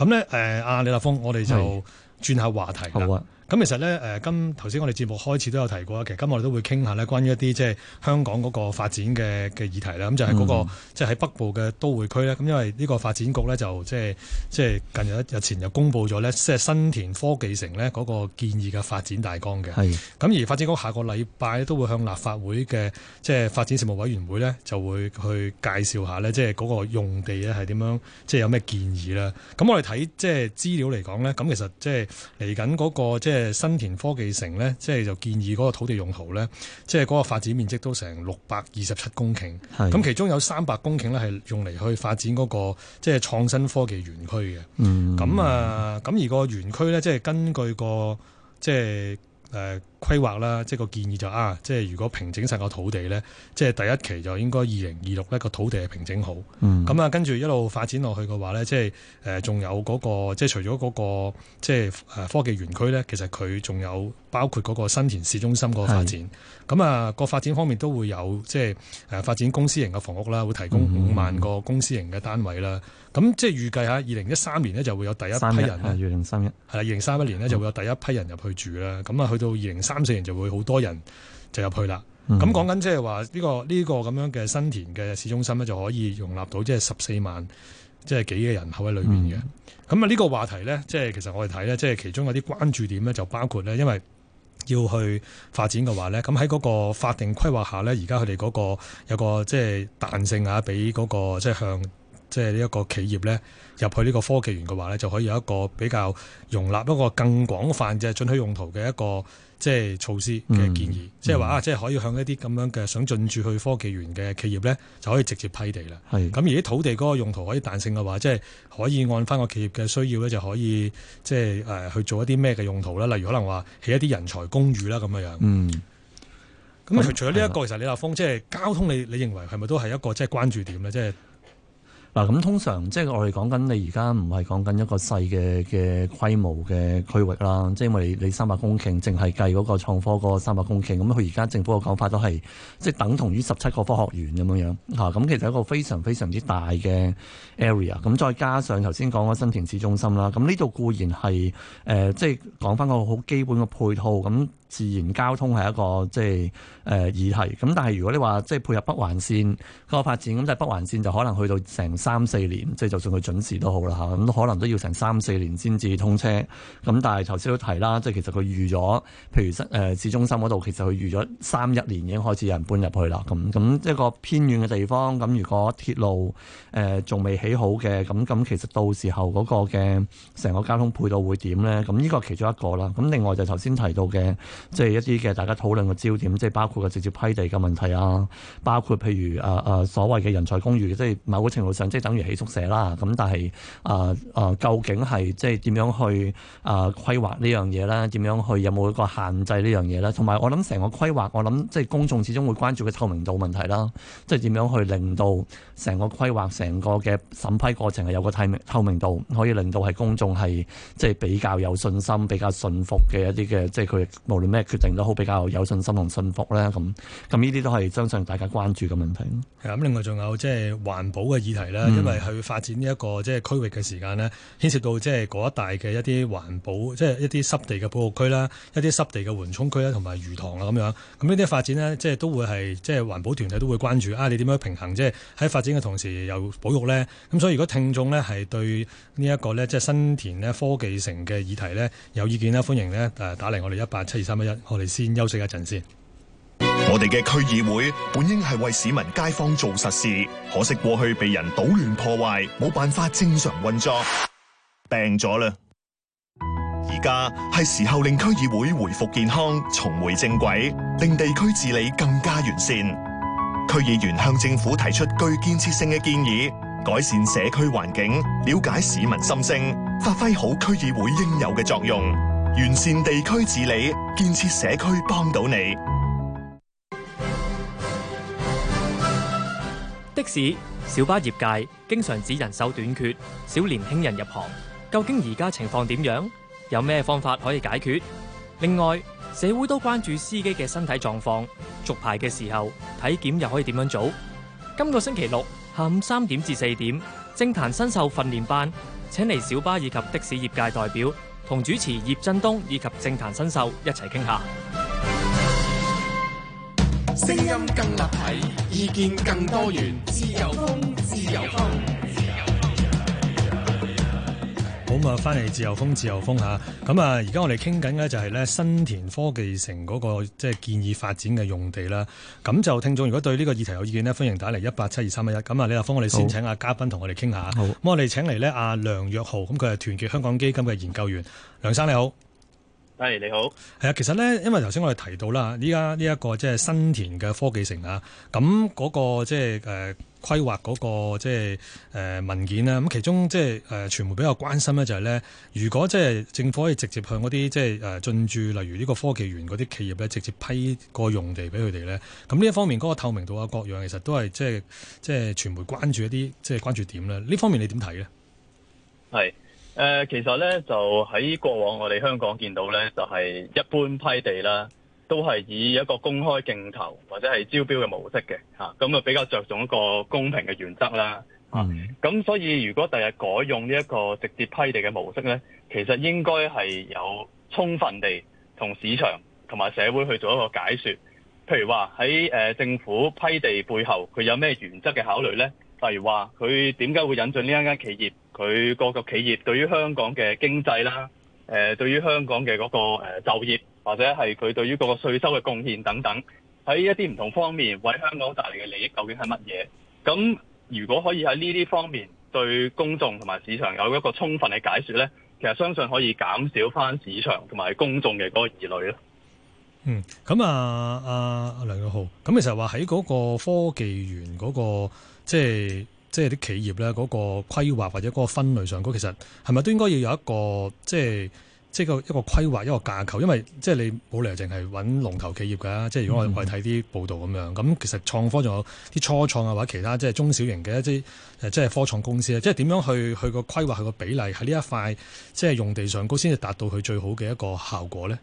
咁咧，誒、嗯，阿李立峰，我哋就轉下話題好啊。咁其實咧，誒、呃，今頭先我哋節目開始都有提過，其實今日我哋都會傾下咧，關於一啲即係香港嗰個發展嘅嘅議題啦。咁就係嗰個即係喺北部嘅都會區咧。咁因為呢個發展局咧就即係即係近日日前就公布咗咧，即係新田科技城咧嗰個建議嘅發展大綱嘅。咁而發展局下個禮拜都會向立法會嘅即係發展事務委員會咧就會去介紹下咧，即係嗰個用地咧係點樣，即係有咩建議啦。咁我哋睇即係資料嚟講咧，咁其實即係嚟緊嗰個即係誒新田科技城咧，即係就建議嗰個土地用途咧，即係嗰個發展面積都成六百二十七公頃，係。咁其中有三百公頃咧係用嚟去發展嗰個即係創新科技園區嘅。咁啊、嗯，咁而個園區咧，即係根據個即係。誒、呃、規劃啦，即係個建議就係、啊，即係如果平整晒個土地呢，即係第一期就應該二零二六呢個土地係平整好。咁啊、嗯，跟住一路發展落去嘅話呢，即係誒仲有嗰、嗰個即係除咗嗰、嗰個即係、啊、科技園區呢，其實佢仲有包括嗰個新田市中心個發展。咁是啊，個發展方面都會有即係誒、啊、發展公司型嘅房屋啦，會提供五萬個公司型嘅單位啦。嗯嗯。咁即係預計下，二零一三年呢就會有第一批人啦。二零三一係啦，二零三一年就會有第一批人入去住啦。咁啊好，去到二零三四年就會好多人就入去啦。咁講緊即係話呢個呢、這個咁樣嘅新田嘅市中心呢，就可以容納到即係十四萬即係幾嘅人口喺裏面嘅。咁啊、嗯，呢個話題呢，即係其實我哋睇呢，即係其中有啲關注點呢，就包括呢，因為要去發展嘅話呢，咁喺嗰個法定規劃下呢，而家佢哋嗰個有個即係彈性啊，俾嗰、那個即係向。即係呢一個企業咧入去呢個科技園嘅話咧，就可以有一個比較容納一個更廣泛嘅進取用途嘅一個即係措施嘅建議。嗯嗯、即係話啊，即係可以向一啲咁樣嘅想進駐去科技園嘅企業咧，就可以直接批地啦。係咁是而啲土地嗰個用途可以彈性嘅話，即、就、係、是、可以按翻個企業嘅需要咧，就可以即係誒去做一啲咩嘅用途啦。例如可能話起一啲人才公寓啦咁嘅樣。嗯，咁除咗呢一個，的其實李立峰，即、就、係、是、交通你，你你認為係咪都係一個即係關注點咧？即係。嗱，咁通常即係我哋講緊，你而家唔係講緊一個細嘅嘅規模嘅區域啦，即係因為你三百公頃淨係計嗰個創科個三百公頃，咁佢而家政府嘅講法都係即係等同於十七個科學園咁樣樣吓，咁其實一個非常非常之大嘅 area，咁再加上頭先講嗰新田市中心啦，咁呢度固然係誒、呃、即係講翻個好基本嘅配套咁。自然交通係一個即係誒議題，咁但係如果你話即係配合北環線個發展，咁即係北環線就可能去到成三四年，即係就算佢準時都好啦嚇，咁都可能都要成三四年先至通車。咁但係頭先都提啦，即係其實佢預咗，譬如誒市中心嗰度，其實佢預咗三一年已經開始有人搬入去啦。咁咁一個偏遠嘅地方，咁如果鐵路誒仲未起好嘅，咁咁其實到時候嗰個嘅成個交通配套會點咧？咁呢個其中一個啦。咁另外就頭先提到嘅。即係一啲嘅大家討論嘅焦點，即係包括嘅直接批地嘅問題啊，包括譬如啊啊、呃、所謂嘅人才公寓，即係某個程度上即係等於起宿舍啦。咁但係啊啊，究竟係即係點樣去啊、呃、規劃這件事呢樣嘢咧？點樣去有冇一個限制這件事呢樣嘢咧？同埋我諗成個規劃，我諗即係公眾始終會關注嘅透明度問題啦。即係點樣去令到成個規劃、成個嘅審批過程係有個透明透明度，可以令到係公眾係即係比較有信心、比較信服嘅一啲嘅，即係佢無論咩決定都好比較有信心同信服咧，咁咁呢啲都係相信大家關注嘅問題咯。係咁，另外仲有即係環保嘅議題啦、嗯、因為去發展呢一個即係區域嘅時間呢，牽涉到即係嗰一帶嘅一啲環保，即係一啲濕地嘅保護區啦，一啲濕地嘅緩衝區啦，同埋魚塘啊咁樣。咁呢啲發展呢，即係都會係即係環保團體都會關注啊。你點樣平衡？即係喺發展嘅同時又保育呢。咁所以如果聽眾呢係對呢一個呢，即係新田呢科技城嘅議題呢，有意見呢，歡迎呢誒打嚟我哋一八七二三。我哋先休息一陣先。我哋嘅區議會本應係為市民街坊做實事，可惜過去被人搗亂破壞，冇辦法正常運作，病咗啦。而家係時候令區議會回復健康，重回正軌，令地區治理更加完善。區議員向政府提出具建設性嘅建議，改善社區環境，了解市民心聲，發揮好區議會應有嘅作用。完善地區治理，建設社區，幫到你。的士、小巴業界經常指人手短缺，少年輕人入行。究竟而家情況點樣？有咩方法可以解決？另外，社會都關注司機嘅身體狀況，續牌嘅時候體檢又可以點樣做？今個星期六下午三點至四點，政壇新秀訓練班，請嚟小巴以及的士業界代表。同主持葉振東以及政壇新秀一齊傾下，聲音更立體，意見更多元，自由風，自由風。好啊，翻嚟自由風，自由風吓。咁啊，而家我哋傾緊呢就係呢新田科技城嗰個即係建議發展嘅用地啦。咁就聽眾，如果對呢個議題有意見呢，歡迎打嚟一八七二三一一。咁啊，李立峰，我哋先請阿嘉賓同我哋傾下。好，咁我哋請嚟呢阿梁躍昊，咁佢係團結香港基金嘅研究員，梁生你好。Hey, 你好，係啊，其實咧，因為頭先我哋提到啦，依家呢一個即係新田嘅科技城啊，咁嗰個即係誒規劃嗰個即係誒文件啦，咁其中即係誒傳媒比較關心咧就係咧，如果即係政府可以直接向嗰啲即係誒進駐，例如呢個科技園嗰啲企業咧，直接批個用地俾佢哋咧，咁呢一方面嗰個透明度啊各樣，其實都係即係即係傳媒關注一啲即係關注點啦。呢方面你點睇咧？係。Hey. 誒、呃、其實咧，就喺過往我哋香港見到咧，就係、是、一般批地啦，都係以一個公開競投或者係招標嘅模式嘅嚇，咁啊就比較着重一個公平嘅原則啦。咁、嗯啊、所以如果第日改用呢一個直接批地嘅模式咧，其實應該係有充分地同市場同埋社會去做一個解說。譬如話喺、呃、政府批地背後，佢有咩原則嘅考慮咧？例如話，佢點解會引進呢一間企業？佢個個企業對於香港嘅經濟啦，誒、呃，對於香港嘅嗰個就業，或者係佢對於嗰個稅收嘅貢獻等等，喺一啲唔同方面，為香港帶嚟嘅利益究竟係乜嘢？咁如果可以喺呢啲方面對公眾同埋市場有一個充分嘅解說呢，其實相信可以減少翻市場同埋公眾嘅嗰個疑慮咯。嗯，咁啊啊梁躍昊，咁其實話喺嗰個科技園嗰、嗰個。即係即係啲企業咧，嗰個規劃或者嗰個分類上高，其實係咪都應該要有一個即係即個一個規劃一個架構？因為即係你冇理由淨係揾龍頭企業噶，即係如果我哋睇啲報道咁樣。咁、嗯、其實創科仲有啲初創啊，或者其他即係中小型嘅一啲誒，即係科創公司即係點樣去去個規劃，去個比例喺呢一塊即係用地上高先至達到佢最好嘅一個效果咧？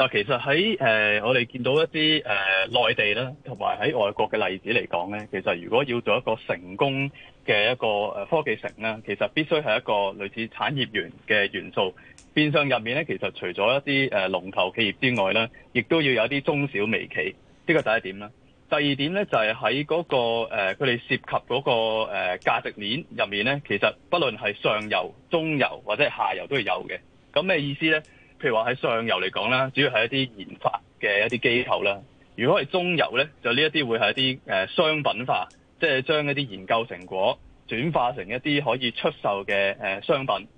嗱，其實喺誒、呃、我哋見到一啲誒、呃、內地啦，同埋喺外國嘅例子嚟講咧，其實如果要做一個成功嘅一個、呃、科技城咧，其實必須係一個類似產業園嘅元素。變相入面咧，其實除咗一啲誒、呃、龍頭企業之外咧，亦都要有一啲中小微企，呢、這個第一點啦。第二點咧就係喺嗰個佢哋、呃、涉及嗰、那個誒、呃、價值鏈入面咧，其實不論係上游、中游或者係下游都係有嘅。咁咩意思咧？譬如話喺上游嚟講啦，主要係一啲研發嘅一啲機構啦。如果係中游咧，就呢一啲會係一啲誒商品化，即係將一啲研究成果轉化成一啲可以出售嘅誒商品。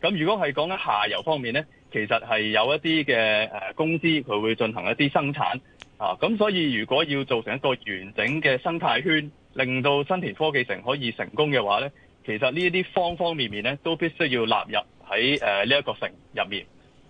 咁如果係講緊下游方面咧，其實係有一啲嘅誒公司佢會進行一啲生產啊。咁所以如果要做成一個完整嘅生態圈，令到新田科技城可以成功嘅話咧，其實呢一啲方方面面咧都必須要納入喺誒呢一個城入面。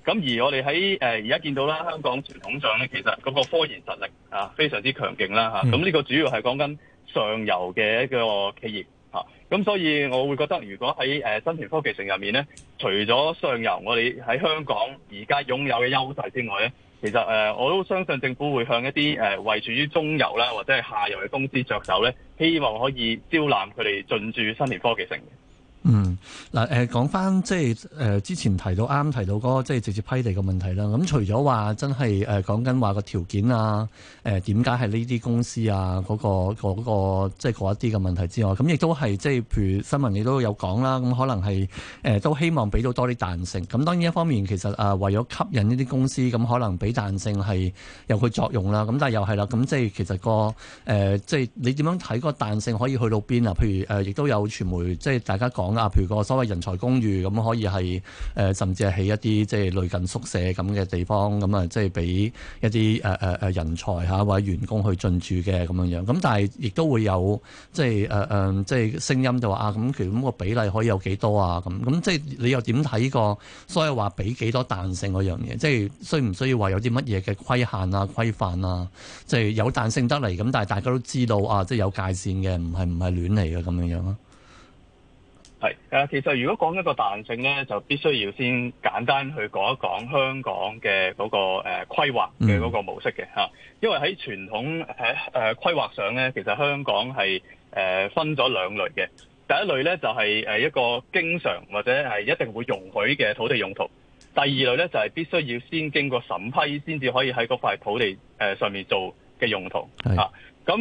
咁而我哋喺誒而家見到啦，香港傳統上咧，其實嗰個科研實力啊非常之強勁啦嚇。咁呢個主要係講緊上游嘅一個企業咁、啊啊、所以我會覺得，如果喺、呃、新田科技城入面咧，除咗上游我哋喺香港而家擁有嘅優勢之外咧，其實誒、呃、我都相信政府會向一啲誒、呃、位處於中游啦或者係下游嘅公司着手咧，希望可以招攬佢哋進駐新田科技城。嗯，嗱，誒講翻即係誒之前提到啱啱提到嗰個即係直接批地嘅問題啦。咁除咗話真係誒講緊話個條件啊，誒點解係呢啲公司啊嗰個嗰個即係嗰一啲嘅問題之外，咁亦都係即係譬如新聞你都有講啦。咁可能係誒都希望俾到多啲彈性。咁當然一方面其實啊為咗吸引呢啲公司，咁可能俾彈性係有佢作用啦。咁但係又係啦，咁即係其實個誒即係你點樣睇嗰個彈性可以去到邊啊？譬如誒亦都有傳媒即係大家講。啊，譬如個所謂人才公寓咁，可以係誒，甚至係起一啲即係類近宿舍咁嘅地方，咁啊，即係俾一啲誒誒誒人才嚇或者員工去進駐嘅咁樣樣。咁但係亦都會有即係誒誒，即係聲音就話啊，咁其實咁個比例可以有幾多啊？咁咁即係你又點睇個所謂話俾幾多彈性嗰樣嘢？即係需唔需要話有啲乜嘢嘅規限啊、規範啊？即係有彈性得嚟，咁但係大家都知道啊，即係有界線嘅，唔係唔係亂嚟嘅咁樣樣咯。係、啊，其實如果講一個彈性咧，就必須要先簡單去講一講香港嘅嗰、那個規、呃、規劃嘅嗰個模式嘅、嗯啊、因為喺傳統喺誒、呃呃、規劃上咧，其實香港係、呃、分咗兩類嘅。第一類咧就係、是、一個經常或者係一定會容許嘅土地用途，第二類咧就係、是、必須要先經過審批先至可以喺嗰塊土地、呃、上面做嘅用途咁是、啊、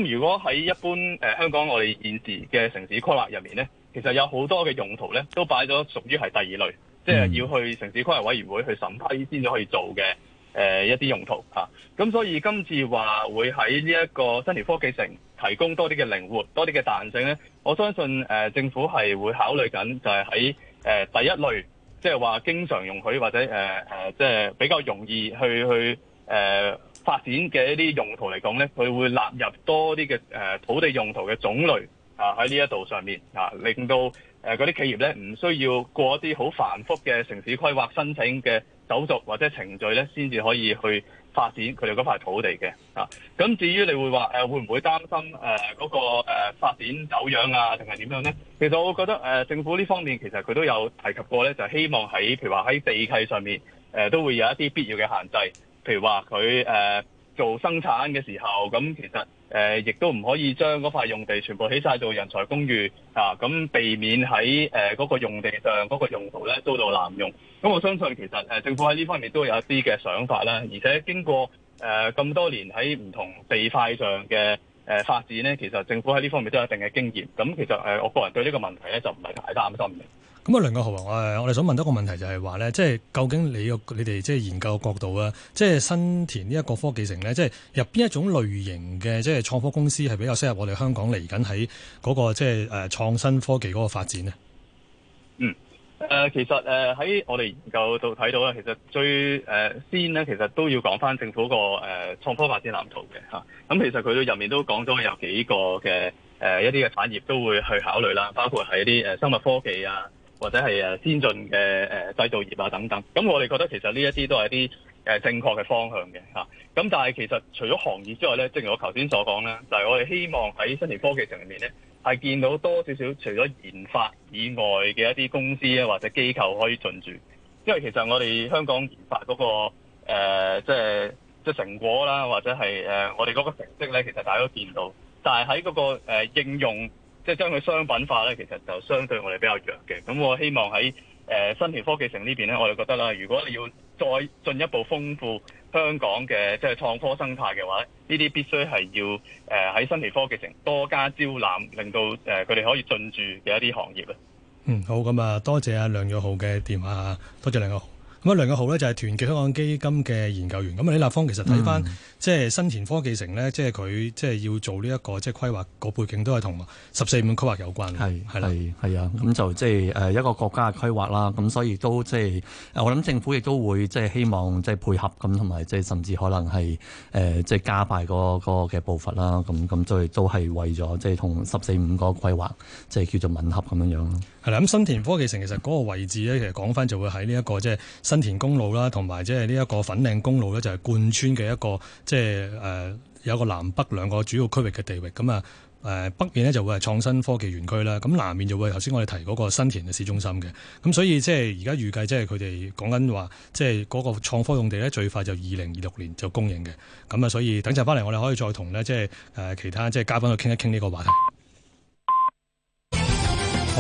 如果喺一般、呃、香港我哋現時嘅城市規劃入面咧？其實有好多嘅用途咧，都擺咗屬於係第二類，嗯、即係要去城市規劃委員會去審批先至可以做嘅誒、呃、一啲用途咁、啊、所以今次話會喺呢一個新田科技城提供多啲嘅靈活、多啲嘅彈性咧，我相信誒、呃、政府係會考慮緊，就係喺誒第一類，即係話經常容許或者誒即係比較容易去去誒、呃、發展嘅一啲用途嚟講咧，佢會納入多啲嘅誒土地用途嘅種類。啊！喺呢一度上面啊，令到誒嗰啲企業咧唔需要過一啲好繁複嘅城市規劃申請嘅手續或者程序咧，先至可以去發展佢哋嗰塊土地嘅啊。咁至於你會話誒會唔會擔心誒嗰個誒發展走樣啊，定係點樣咧？其實我覺得誒政府呢方面其實佢都有提及過咧，就希望喺譬如話喺地契上面誒都會有一啲必要嘅限制，譬如話佢誒。做生產嘅時候，咁其實誒亦都唔可以將嗰塊用地全部起晒做人才公寓啊！咁避免喺誒嗰個用地上嗰個用途咧遭到濫用。咁我相信其實誒政府喺呢方面都有一啲嘅想法啦，而且經過誒咁多年喺唔同地塊上嘅誒發展咧，其實政府喺呢方面都有一定嘅經驗。咁其實誒，我個人對呢個問題咧就唔係太擔心嘅。咁啊，梁躍昊，我我哋想問多一個問題就，就係話咧，即係究竟你你哋即係研究角度啊，即係新田呢一個科技城咧，即係入邊一種類型嘅即係創科公司係比較適合我哋香港嚟緊喺嗰個即係誒創新科技嗰個發展呢？嗯、呃，其實喺我哋研究度睇到咧，其實最誒、呃、先呢，其實都要講翻政府嗰個創科發展藍圖嘅咁、啊、其實佢都入面都講咗有幾個嘅誒、呃、一啲嘅產業都會去考慮啦，包括喺啲生物科技啊。或者係誒先進嘅誒製造業啊等等，咁我哋覺得其實呢一啲都係一啲誒正確嘅方向嘅嚇。咁但係其實除咗行業之外咧，正如我頭先所講啦，就係我哋希望喺新田科技城入面咧，係見到多少少除咗研發以外嘅一啲公司啊或者機構可以進駐，因為其實我哋香港研發嗰個誒即係即係成果啦，或者係誒、呃、我哋嗰個成績咧，其實大家都見到，但係喺嗰個誒、呃、應用。即係將佢商品化咧，其實就相對我哋比較弱嘅。咁我希望喺誒、呃、新田科技城呢邊咧，我哋覺得啦，如果你要再進一步豐富香港嘅即係創科生態嘅話，呢啲必須係要誒喺、呃、新田科技城多加招攬，令到誒佢哋可以進駐嘅一啲行業啊。嗯，好，咁啊，多謝阿梁躍昊嘅電話嚇，多謝梁躍昊。咁梁躍昊咧就係團結香港基金嘅研究員，咁啊李立芳其實睇翻即係新田科技城咧，嗯、即係佢即係要做呢一個即係規劃個背景都係同十四五規劃有關嘅，係係啦，係啊，咁就即係一個國家嘅規劃啦，咁所以都即係我諗政府亦都會即係希望即係配合咁，同埋即係甚至可能係即係加快嗰個嘅步伐啦，咁咁所以都係為咗即係同十四五個規劃即係叫做吻合咁樣咯。係啦，咁、嗯、新田科技城其實嗰個位置咧，其實講翻就會喺呢一個即係、就是、新田公路啦，同埋即係呢一個粉嶺公路咧，就係貫穿嘅一個即係誒有個南北兩個主要區域嘅地域。咁啊、呃、北面咧就會係創新科技園區啦，咁南面就會頭先我哋提嗰個新田嘅市中心嘅。咁所以即係而家預計即係佢哋講緊話，即係嗰個創科用地咧，最快就二零二六年就供應嘅。咁啊，所以等陣翻嚟，我哋可以再同咧即係誒其他即係嘉賓去傾一傾呢個話題。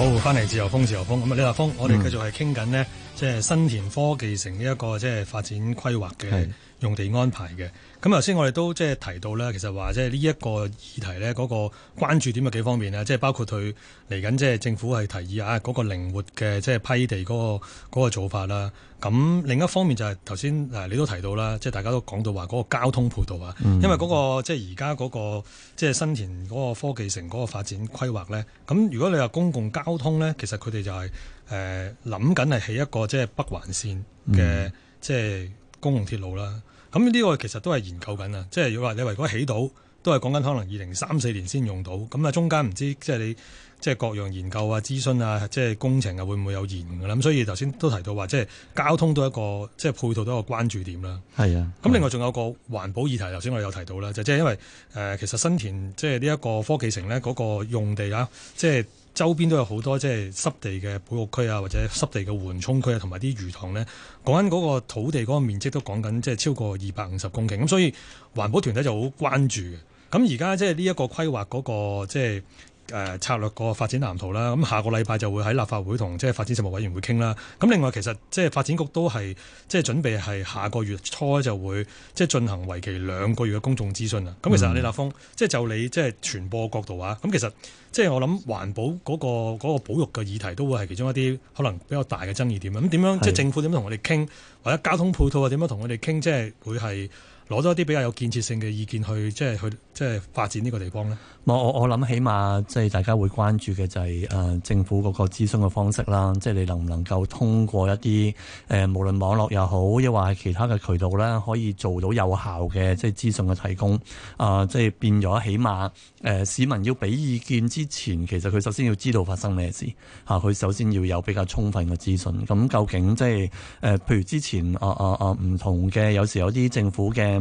好，翻嚟自由風，自由風咁啊，李達峰，嗯、我哋繼續係傾緊咧。即係新田科技城呢一個即係發展規劃嘅用地安排嘅。咁頭先我哋都即係提到啦，其實話即係呢一個議題呢嗰個關注點係幾方面呢，即係包括佢嚟緊即係政府係提議啊嗰個靈活嘅即係批地嗰個嗰個做法啦。咁另一方面就係頭先你都提到啦，即係大家都講到話嗰個交通配套啊，因為嗰個即係而家嗰個即係新田嗰個科技城嗰個發展規劃呢。咁如果你話公共交通呢，其實佢哋就係、是。誒諗緊係起一個即係北環線嘅即係公共鐵路啦，咁呢個其實都係研究緊啊，即係如果話你如果起到，都係講緊可能二零三四年先用到，咁啊中間唔知即係你。即係各樣研究啊、諮詢啊、即係工程啊，會唔會有延誤㗎啦？咁所以頭先都提到話，即係交通都一個即係配套都一個關注點啦。係啊，咁另外仲有個環保議題，頭先我哋有提到啦，就即係因為誒其實新田即係呢一個科技城咧，嗰個用地啊，即係周邊都有好多即係濕地嘅保育區啊，或者濕地嘅緩衝區啊，同埋啲魚塘咧，講緊嗰個土地嗰個面積都講緊即係超過二百五十公頃。咁所以環保團體就好關注嘅。咁而家即係呢一個規劃嗰個即係。誒策略個發展藍圖啦，咁下個禮拜就會喺立法會同即係發展事務委員會傾啦。咁另外其實即係發展局都係即係準備係下個月初就會即係進行為期兩個月嘅公眾諮詢啦。咁、嗯、其實李立峰，即係就你即係傳播角度啊。咁其實即係我諗環保嗰個嗰個保育嘅議題都會係其中一啲可能比較大嘅爭議點。咁點樣即係政府點樣同我哋傾，或者交通配套啊點樣同我哋傾，即係會係。攞咗一啲比較有建設性嘅意見去，即係去，即係發展呢個地方咧。我我我諗，起碼即係大家會關注嘅就係誒政府嗰個諮詢嘅方式啦。即係你能唔能夠通過一啲誒無論網絡又好，亦或係其他嘅渠道咧，可以做到有效嘅即係資訊嘅提供。啊、呃，即係變咗，起碼誒市民要俾意見之前，其實佢首先要知道發生咩事吓，佢首先要有比較充分嘅資訊。咁究竟即係誒譬如之前啊啊啊唔同嘅，有時候有啲政府嘅。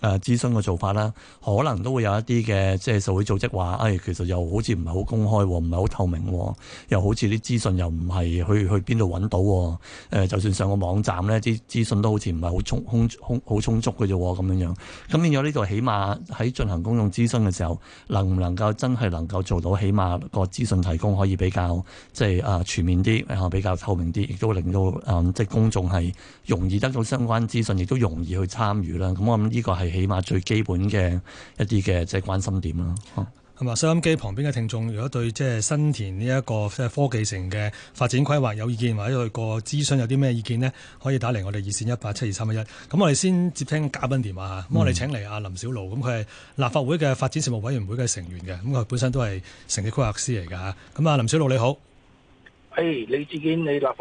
誒諮詢嘅做法啦，可能都會有一啲嘅，即係社會組織話：誒、哎、其實又好似唔係好公開，唔係好透明，又好似啲資訊又唔係去去邊度揾到。誒、呃，就算上個網站咧，啲資訊都好似唔係好充，充好充足嘅啫，咁樣樣。咁變咗呢度，起碼喺進行公眾諮詢嘅時候，能唔能夠真係能夠做到起碼個資訊提供可以比較，即係啊全面啲、呃、比較透明啲，亦都令到、呃、即係公眾係容易得到相關資訊，亦都容易去參與啦。咁我諗呢個。係起碼最基本嘅一啲嘅即係關心點啦。咁啊，收音機旁邊嘅聽眾，如果對即係新田呢一個即係科技城嘅發展規劃有意見，或者去過諮詢有啲咩意見呢，可以打嚟我哋熱線一八七二三一一。咁我哋先接聽嘉賓電話嚇。咁我哋請嚟阿林筱魯，咁佢係立法會嘅發展事務委員會嘅成員嘅。咁佢本身都係城市規劃師嚟㗎嚇。咁啊，林筱魯，你好。誒，hey, 梁躍昊，林筱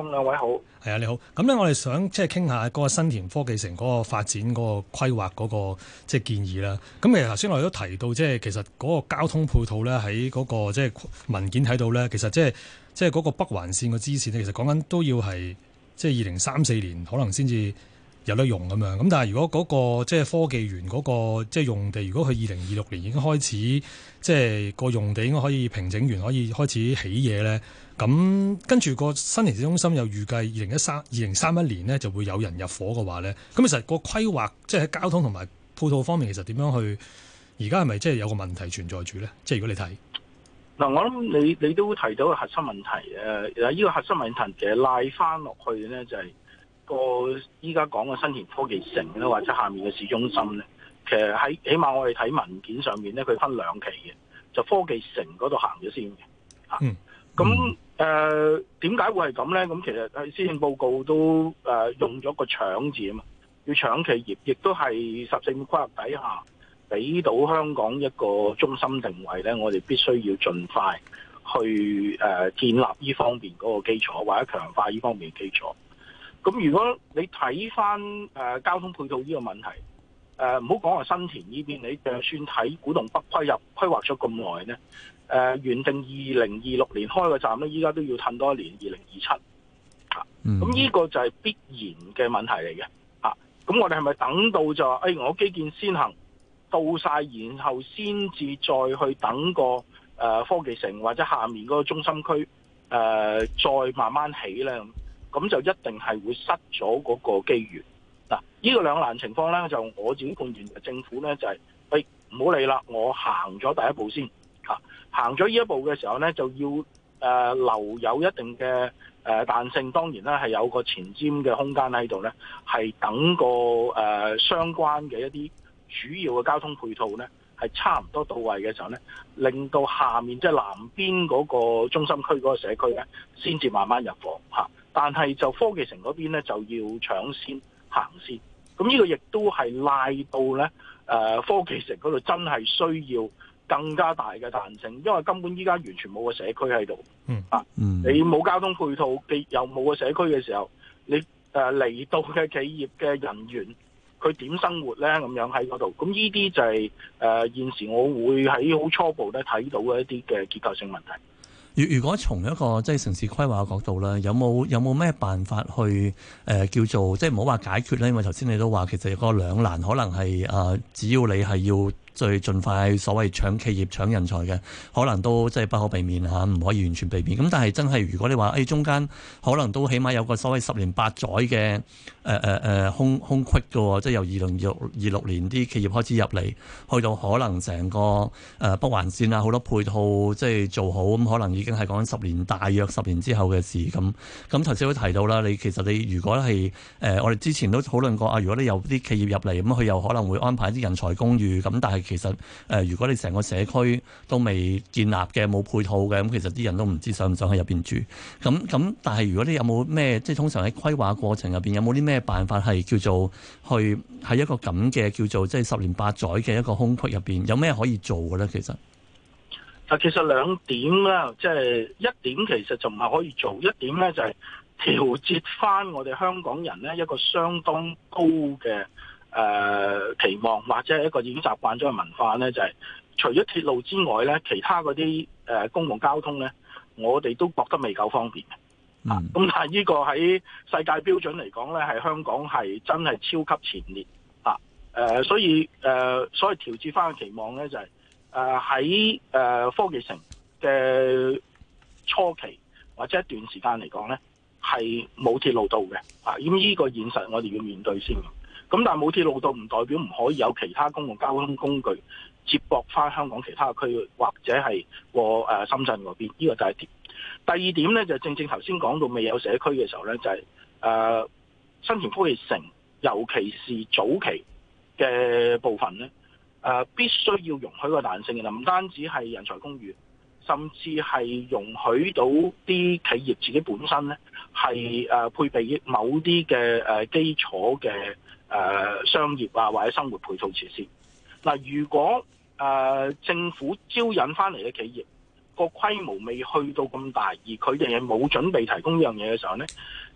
魯兩位好，係啊，你好。咁咧，我哋想即係傾下嗰個新田科技城嗰個發展嗰個規劃嗰個即係建議啦。咁其實頭先我哋都提到，即係其實嗰個交通配套咧，喺嗰個即係文件睇到咧，其實即係即係嗰個北環線個支線咧，其實講緊都要係即係二零三四年可能先至有得用咁樣。咁但係如果嗰個即係科技園嗰個即係用地，如果佢二零二六年已經開始即係、就是、個用地，應該可以平整完，可以開始起嘢。咧。咁跟住個新田市中心又預計二零一三二零三一年呢就會有人入伙嘅話呢。咁其實個規劃即係喺交通同埋配套方面，其實點樣去而家係咪即係有個問題存在住呢？即係如果你睇，嗱，我諗你你都提到個核心問題誒，依、這個核心問題其實拉翻落去呢，就係個依家講嘅新田科技城咧或者下面嘅市中心呢，其實喺起碼我哋睇文件上面呢，佢分兩期嘅，就科技城嗰度行咗先嘅嚇，咁、嗯。那嗯誒點解會係咁呢？咁其實喺施政報告都誒用咗個搶字啊嘛，要搶企業，亦都係十四五規劃底下俾到香港一個中心定位呢。我哋必須要盡快去誒建立呢方面嗰個基礎，或者強化呢方面嘅基礎。咁如果你睇翻誒交通配套呢個問題，唔好講話新田呢邊，你就算睇古洞北規劃規劃咗咁耐呢。誒、呃，原定二零二六年開個站咧，依家都要褪多一年，二零二七，吓、啊，咁呢個就係必然嘅問題嚟嘅，吓、啊，咁我哋係咪等到就話誒、哎、我基建先行到晒，然後先至再去等個誒、呃、科技城或者下面嗰個中心區誒、呃、再慢慢起咧？咁，就一定係會失咗嗰個機遇。嗱、啊，呢、這個兩難情況咧，就我自己判斷，政府咧就係、是，喂、哎，唔好理啦，我行咗第一步先。行咗呢一步嘅時候呢，就要誒留有一定嘅誒彈性，當然啦，係有個前瞻嘅空間喺度呢，係等個誒相關嘅一啲主要嘅交通配套呢，係差唔多到位嘅時候呢，令到下面即係南邊嗰個中心區嗰個社區呢，先至慢慢入貨吓。但係就科技城嗰邊呢，就要搶先行先。咁呢個亦都係拉到呢，科技城嗰度真係需要更加大嘅彈性，因為根本依家完全冇個社區喺度。啊、嗯，嗯、你冇交通配套你又冇個社區嘅時候，你誒嚟到嘅企業嘅人員，佢點生活咧？咁樣喺嗰度，咁依啲就係、是、誒、呃、現時我會喺好初步咧睇到嘅一啲嘅結構性問題。如如果從一個即係、就是、城市規劃嘅角度咧，有冇有冇咩辦法去誒、呃、叫做即係唔好話解決咧？因為頭先你都話，其實個兩難可能係誒、呃、只要你係要。最盡快所謂搶企業搶人才嘅，可能都即係不可避免吓，唔可以完全避免。咁但係真係如果你話誒、哎、中間可能都起碼有個所謂十年八載嘅誒誒誒空空隙嘅即係由二零二六二六年啲企業開始入嚟，去到可能成個誒、呃、北環綫啊好多配套即係做好，咁可能已經係講緊十年大約十年之後嘅事咁。咁頭先都提到啦，你其實你如果係誒、呃、我哋之前都討論過啊，如果你有啲企業入嚟，咁佢又可能會安排啲人才公寓，咁但係。其實，誒，如果你成個社區都未建立嘅，冇配套嘅，咁其實啲人都唔知想唔想喺入邊住。咁咁，但係如果你有冇咩，即係通常喺規劃過程入邊有冇啲咩辦法係叫做去喺一個咁嘅叫做即係十年八載嘅一個空隙入邊，有咩可以做嘅咧？其實，嗱，其實兩點啦，即係一點其實就唔係可以做，一點咧就係調節翻我哋香港人咧一個相當高嘅。誒、呃、期望或者係一個已經習慣咗嘅文化呢就係、是、除咗鐵路之外呢，其他嗰啲、呃、公共交通呢，我哋都覺得未夠方便嘅咁、啊、但係呢個喺世界標準嚟講呢，係香港係真係超級前列啊、呃。所以誒、呃、所以調節翻嘅期望呢，就係、是、喺、呃呃、科技城嘅初期或者一段時間嚟講呢，係冇鐵路到嘅啊。咁呢個現實我哋要面對先。咁但係冇鐵路到唔代表唔可以有其他公共交通工具接駁翻香港其他區域，或者係過深圳嗰邊。呢個就係第二點呢，就正正頭先講到未有社區嘅時候呢就係、啊、新田科技城，尤其是早期嘅部分呢、啊、必須要容許個彈性嘅啦，唔單止係人才公寓。甚至係容許到啲企業自己本身呢，係誒配備某啲嘅誒基礎嘅誒商業啊，或者生活配套設施。嗱，如果誒政府招引翻嚟嘅企業個規模未去到咁大，而佢哋係冇準備提供呢樣嘢嘅時候呢，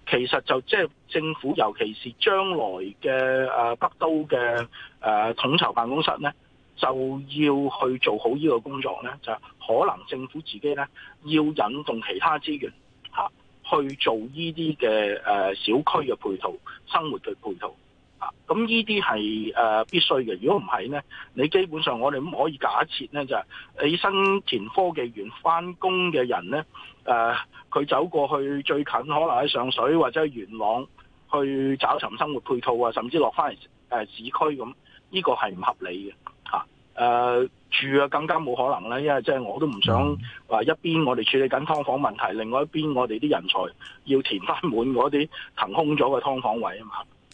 其實就即係政府，尤其是將來嘅誒北都嘅誒統籌辦公室呢。就要去做好呢個工作呢，就可能政府自己呢，要引動其他資源吓去做呢啲嘅誒小區嘅配套、生活嘅配套，咁呢啲係誒必須嘅，如果唔係呢，你基本上我哋都可以假設呢，就係喺新田科技園翻工嘅人呢，誒佢走過去最近可能喺上水或者喺元朗去找尋生活配套啊，甚至落翻嚟市區咁。呢個係唔合理嘅嚇，誒、呃、住啊更加冇可能啦，因為即係我都唔想話、嗯、一邊我哋處理緊劏房問題，另外一邊我哋啲人才要填翻滿嗰啲騰空咗嘅劏房位啊嘛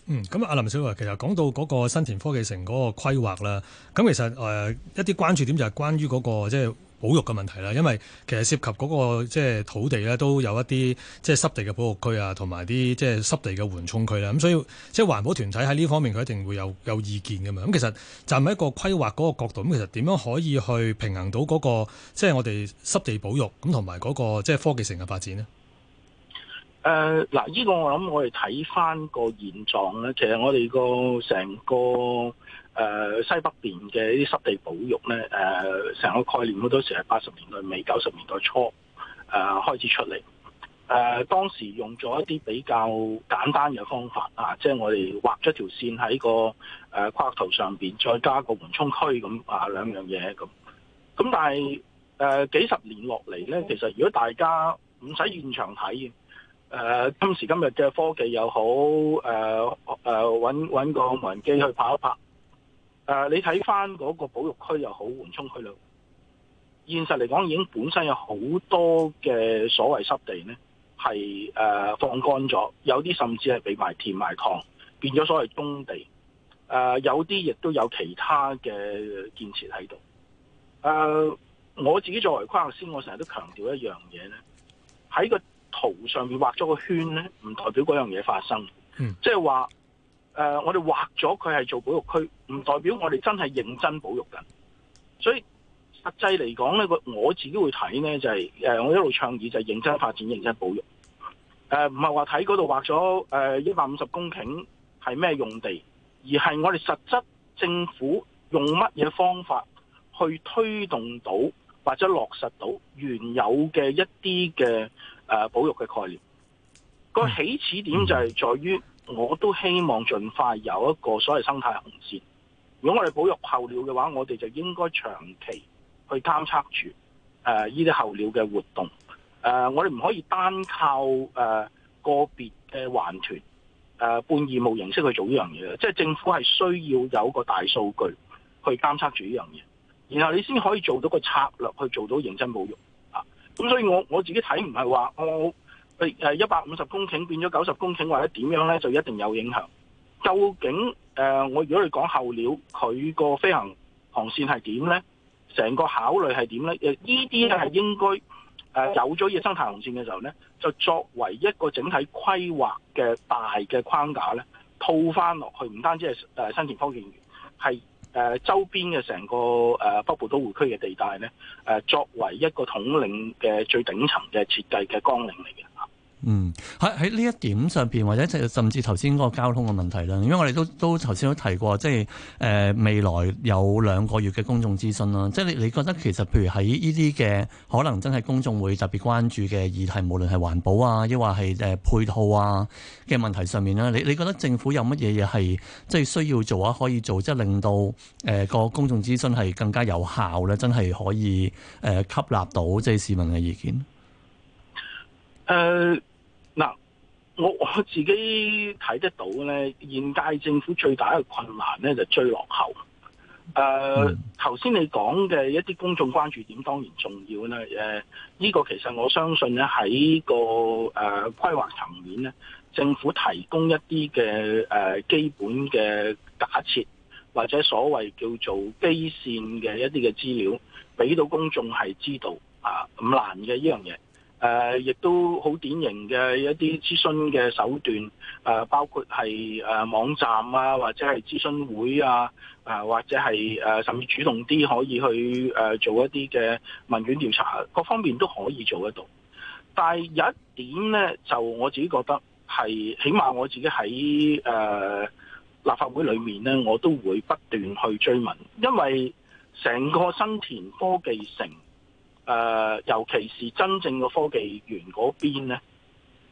嗯。嗯，咁啊，林筱魯其實講到嗰個新田科技城嗰個規劃咧，咁其實誒、呃、一啲關注點就係關於嗰、那個即係。保育嘅問題啦，因為其實涉及嗰個即係土地咧，都有一啲即係濕地嘅保護區啊，同埋啲即係濕地嘅緩衝區啦。咁所以即係環保團體喺呢方面，佢一定會有有意見㗎嘛。咁其實站喺一個規劃嗰個角度，咁其實點樣可以去平衡到嗰、嗰個即係、即係、我哋濕地保育咁同埋嗰個即係科技城嘅發展呢？誒嗱、呃，呢、呢個我諗我哋睇翻個現狀咧，其實我哋個成個。誒，西北邊嘅一啲濕地保育咧，誒、呃，成個概念好多時係八十年代尾、九十年代初誒、呃、開始出嚟。誒、呃，當時用咗一啲比較簡單嘅方法啊，即、就、係、是、我哋畫咗條線喺個誒、呃、跨圖上邊，再加個緩衝區咁啊，兩樣嘢咁。咁但係誒、呃、幾十年落嚟咧，其實如果大家唔使現場睇嘅，誒、呃、今時今日嘅科技又好，誒誒揾揾個無人機去拍一拍。啊、你睇翻嗰個保育區又好，緩衝區咧，現實嚟講已經本身有好多嘅所謂濕地咧，係、呃、放乾咗，有啲甚至係俾埋填埋塘，變咗所謂耕地。呃、有啲亦都有其他嘅建設喺度、呃。我自己作為規劃師，我成日都強調一樣嘢咧，喺個圖上面畫咗個圈咧，唔代表嗰樣嘢發生。嗯、即係話。誒、呃，我哋劃咗佢係做保育區，唔代表我哋真係認真保育緊。所以實際嚟講咧，個我自己會睇咧就係、是、誒、呃，我一路倡議就係認真發展、認真保育。誒、呃，唔係話睇嗰度劃咗誒一百五十公頃係咩用地，而係我哋實質政府用乜嘢方法去推動到或者落實到原有嘅一啲嘅誒保育嘅概念。個起始點就係在於。我都希望盡快有一個所謂生態紅線。如果我哋保育候鳥嘅話，我哋就應該長期去監測住誒呢啲候鳥嘅活動、呃。誒，我哋唔可以單靠誒、呃、個別嘅環團誒、呃、半義務形式去做呢樣嘢，即係政府係需要有個大數據去監測住呢樣嘢，然後你先可以做到個策略，去做到認真保育啊。咁所以我我自己睇唔係話我。佢誒一百五十公頃變咗九十公頃，或者點樣咧，就一定有影響。究竟誒、呃，我如果你講候鳥，佢個飛行航線係點咧？成個考慮係點咧？呢啲咧係應該誒、呃、有咗嘅生態航線嘅時候咧，就作為一個整體規劃嘅大嘅框架咧，套翻落去，唔單止係新田科技園，係誒、呃、周邊嘅成個誒、呃、北部都會區嘅地帶咧、呃，作為一個統領嘅最頂層嘅設計嘅綱領嚟嘅。嗯，喺喺呢一點上邊，或者甚至頭先嗰個交通嘅問題啦，因為我哋都都頭先都提過，即係誒、呃、未來有兩個月嘅公眾諮詢啦。即係你你覺得其實，譬如喺呢啲嘅可能真係公眾會特別關注嘅議題，無論係環保啊，抑或係誒配套啊嘅問題上面啦，你你覺得政府有乜嘢嘢係即係需要做啊？可以做，即係令到誒個公眾諮詢係更加有效咧，真係可以誒、呃、吸納到即係市民嘅意見。誒、呃。我我自己睇得到咧，現屆政府最大嘅困難咧就是、追落後。誒、呃，頭先、嗯、你講嘅一啲公眾關注點當然重要啦。呢、呃呢個其實我相信咧喺個、呃、規劃層面咧，政府提供一啲嘅、呃、基本嘅假設或者所謂叫做基線嘅一啲嘅資料，俾到公眾係知道啊唔、呃、難嘅呢樣嘢。誒，亦、呃、都好典型嘅一啲諮詢嘅手段，誒、呃、包括係誒、呃、網站啊，或者係諮詢會啊，誒、呃、或者係誒、呃、甚至主動啲可以去誒、呃、做一啲嘅問卷調查，各方面都可以做得到。但係有一點咧，就我自己覺得係，起碼我自己喺誒、呃、立法會裏面咧，我都會不斷去追問，因為成個新田科技城。誒、呃，尤其是真正嘅科技園嗰邊呢，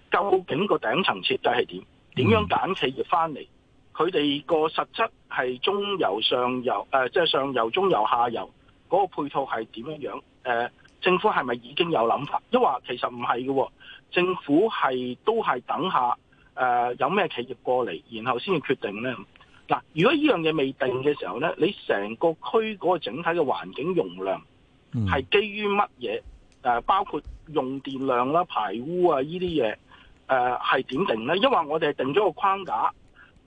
究竟個頂層設計係點？點樣揀企業翻嚟？佢哋個實質係中游、上游，誒、呃，即、就、係、是、上游、中游、下游嗰個配套係點樣樣？誒、呃，政府係咪已經有諗法？因為其實唔係嘅？政府係都係等下誒、呃，有咩企業過嚟，然後先至決定呢。嗱、呃，如果呢樣嘢未定嘅時候呢，你成個區嗰個整體嘅環境容量？係基於乜嘢？誒、呃，包括用電量啦、排污啊、呃、呢啲嘢，誒係點定咧？因為我哋定咗個框架，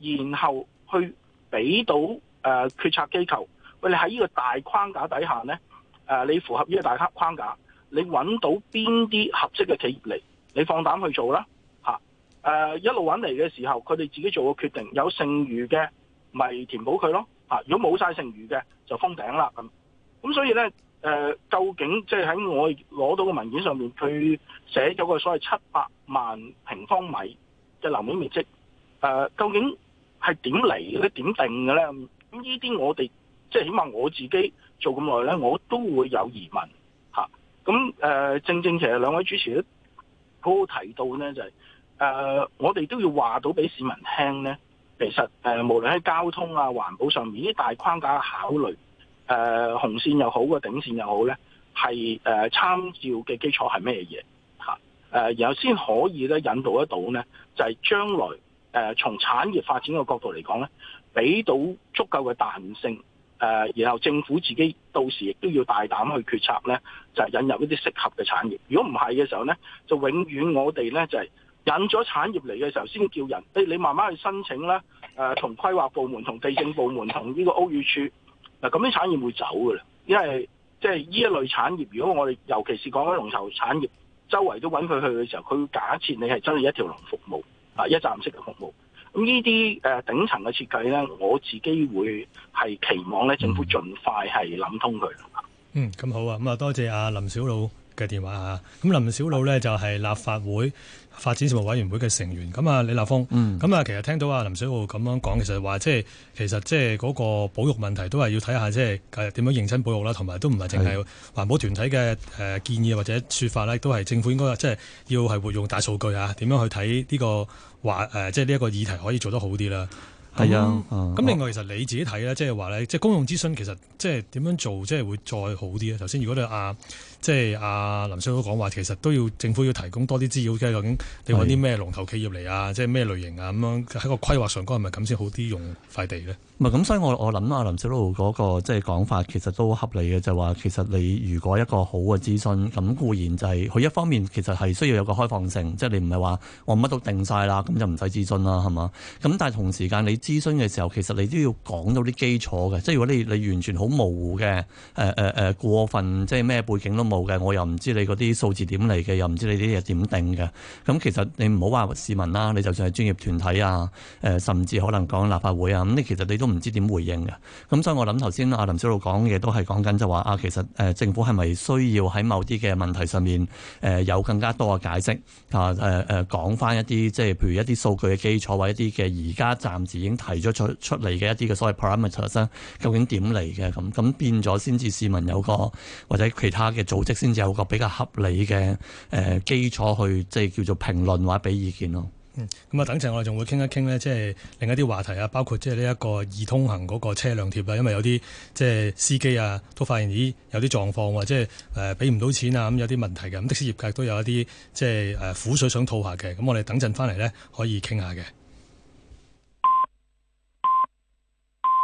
然後去俾到誒、呃、決策機構。喂，你喺呢個大框架底下咧，誒、呃、你符合呢個大框架，你揾到邊啲合適嘅企業嚟，你放膽去做啦。吓、啊、誒、呃，一路揾嚟嘅時候，佢哋自己做個決定。有剩餘嘅，咪填補佢咯。吓、啊，如果冇晒剩餘嘅，就封頂啦。咁咁，所以咧。誒，究竟即係喺我攞到嘅文件上面，佢寫咗個所謂七百萬平方米嘅樓面面積，誒，究竟係點嚟嘅咧點定嘅咧？咁呢啲我哋即係起碼我自己做咁耐咧，我都會有疑問吓。咁、啊、正正其實兩位主持都好好提到咧、就是，就係誒我哋都要話到俾市民聽咧。其實誒無論喺交通啊、環保上面，啲大框架嘅考慮。誒、呃、紅線又好，個頂線又好咧，係誒、呃、參照嘅基礎係咩嘢嚇？然後先可以咧引導得到咧，就係、是、將來誒從、呃、產業發展嘅角度嚟講咧，俾到足夠嘅彈性誒、呃，然後政府自己到時亦都要大膽去決策咧，就係、是、引入一啲適合嘅產業。如果唔係嘅時候咧，就永遠我哋咧就係、是、引咗產業嚟嘅時候，先叫人你慢慢去申請啦，誒、呃，同規劃部門、同地政部門、同呢個屋宇署。嗱，咁啲產業會走噶啦，因為即係呢一類產業，如果我哋尤其是講緊龍頭產業，周圍都揾佢去嘅時候，佢會假設你係真係一條龍服務啊，一站式嘅服務。咁呢啲誒頂層嘅設計呢，我自己會係期望呢政府盡快係諗通佢。嗯，咁好啊，咁啊，多謝阿林筱魯。嘅電話，咁林筱魯呢就係立法會發展事務委員會嘅成員，咁啊李立峰。咁啊、嗯、其實聽到啊林筱魯咁樣講，其實話即係其實即係嗰個保育問題都係要睇下即係點樣認真保育啦，同埋都唔係淨係環保團體嘅建議或者說法咧，都係政府應該即係要係活用大數據啊，點樣去睇呢、呢個話即係呢一個議題可以做得好啲啦。係啊、嗯，咁、嗯、另外其實你自己睇咧，即係話咧，即、就、係、是、公用資訊其實即係點樣做，即、就、係、是、會再好啲咧。頭先如果你啊。即係阿林筱魯都講話，其實都要政府要提供多啲資料，即係究竟你揾啲咩龍頭企業嚟啊？即係咩類型啊？咁樣喺個規劃上講係咪咁先好啲用塊地咧？唔係咁，所以我我諗啊，林筱魯嗰個即係講法其實都合理嘅，就話、是、其實你如果一個好嘅諮詢，咁固然就係、是、佢一方面其實係需要有個開放性，即、就、係、是、你唔係話我乜都定晒啦，咁就唔使諮詢啦，係嘛？咁但係同時間你諮詢嘅時候，其實你都要講到啲基礎嘅，即、就、係、是、如果你你完全好模糊嘅，誒誒誒過分即係咩背景都。嘅我又唔知你嗰啲數字點嚟嘅，又唔知你啲嘢點定嘅。咁其實你唔好話市民啦，你就算係專業團體啊，誒甚至可能講立法會啊，咁你其實你都唔知點回應嘅。咁所以我諗頭先阿林筱魯講嘅都係講緊就話啊，其實誒政府係咪需要喺某啲嘅問題上面誒有更加多嘅解釋啊，誒誒講翻一啲即係譬如一啲數據嘅基礎，或者一啲嘅而家暫時已經提咗出出嚟嘅一啲嘅所謂 parameter 生究竟點嚟嘅，咁咁變咗先至市民有個或者其他嘅組。即先至有個比較合理嘅誒基礎去即係叫做評論或者俾意見咯。嗯，咁啊，等陣我哋仲會傾一傾咧，即係另一啲話題啊，包括即係呢一個易通行嗰個車輛貼啦，因為有啲即係司機啊都發現咦有啲狀況喎，即係誒俾唔到錢啊咁有啲問題嘅，咁的士業界都有一啲即係誒、呃、苦水想吐下嘅，咁我哋等陣返嚟咧可以傾下嘅。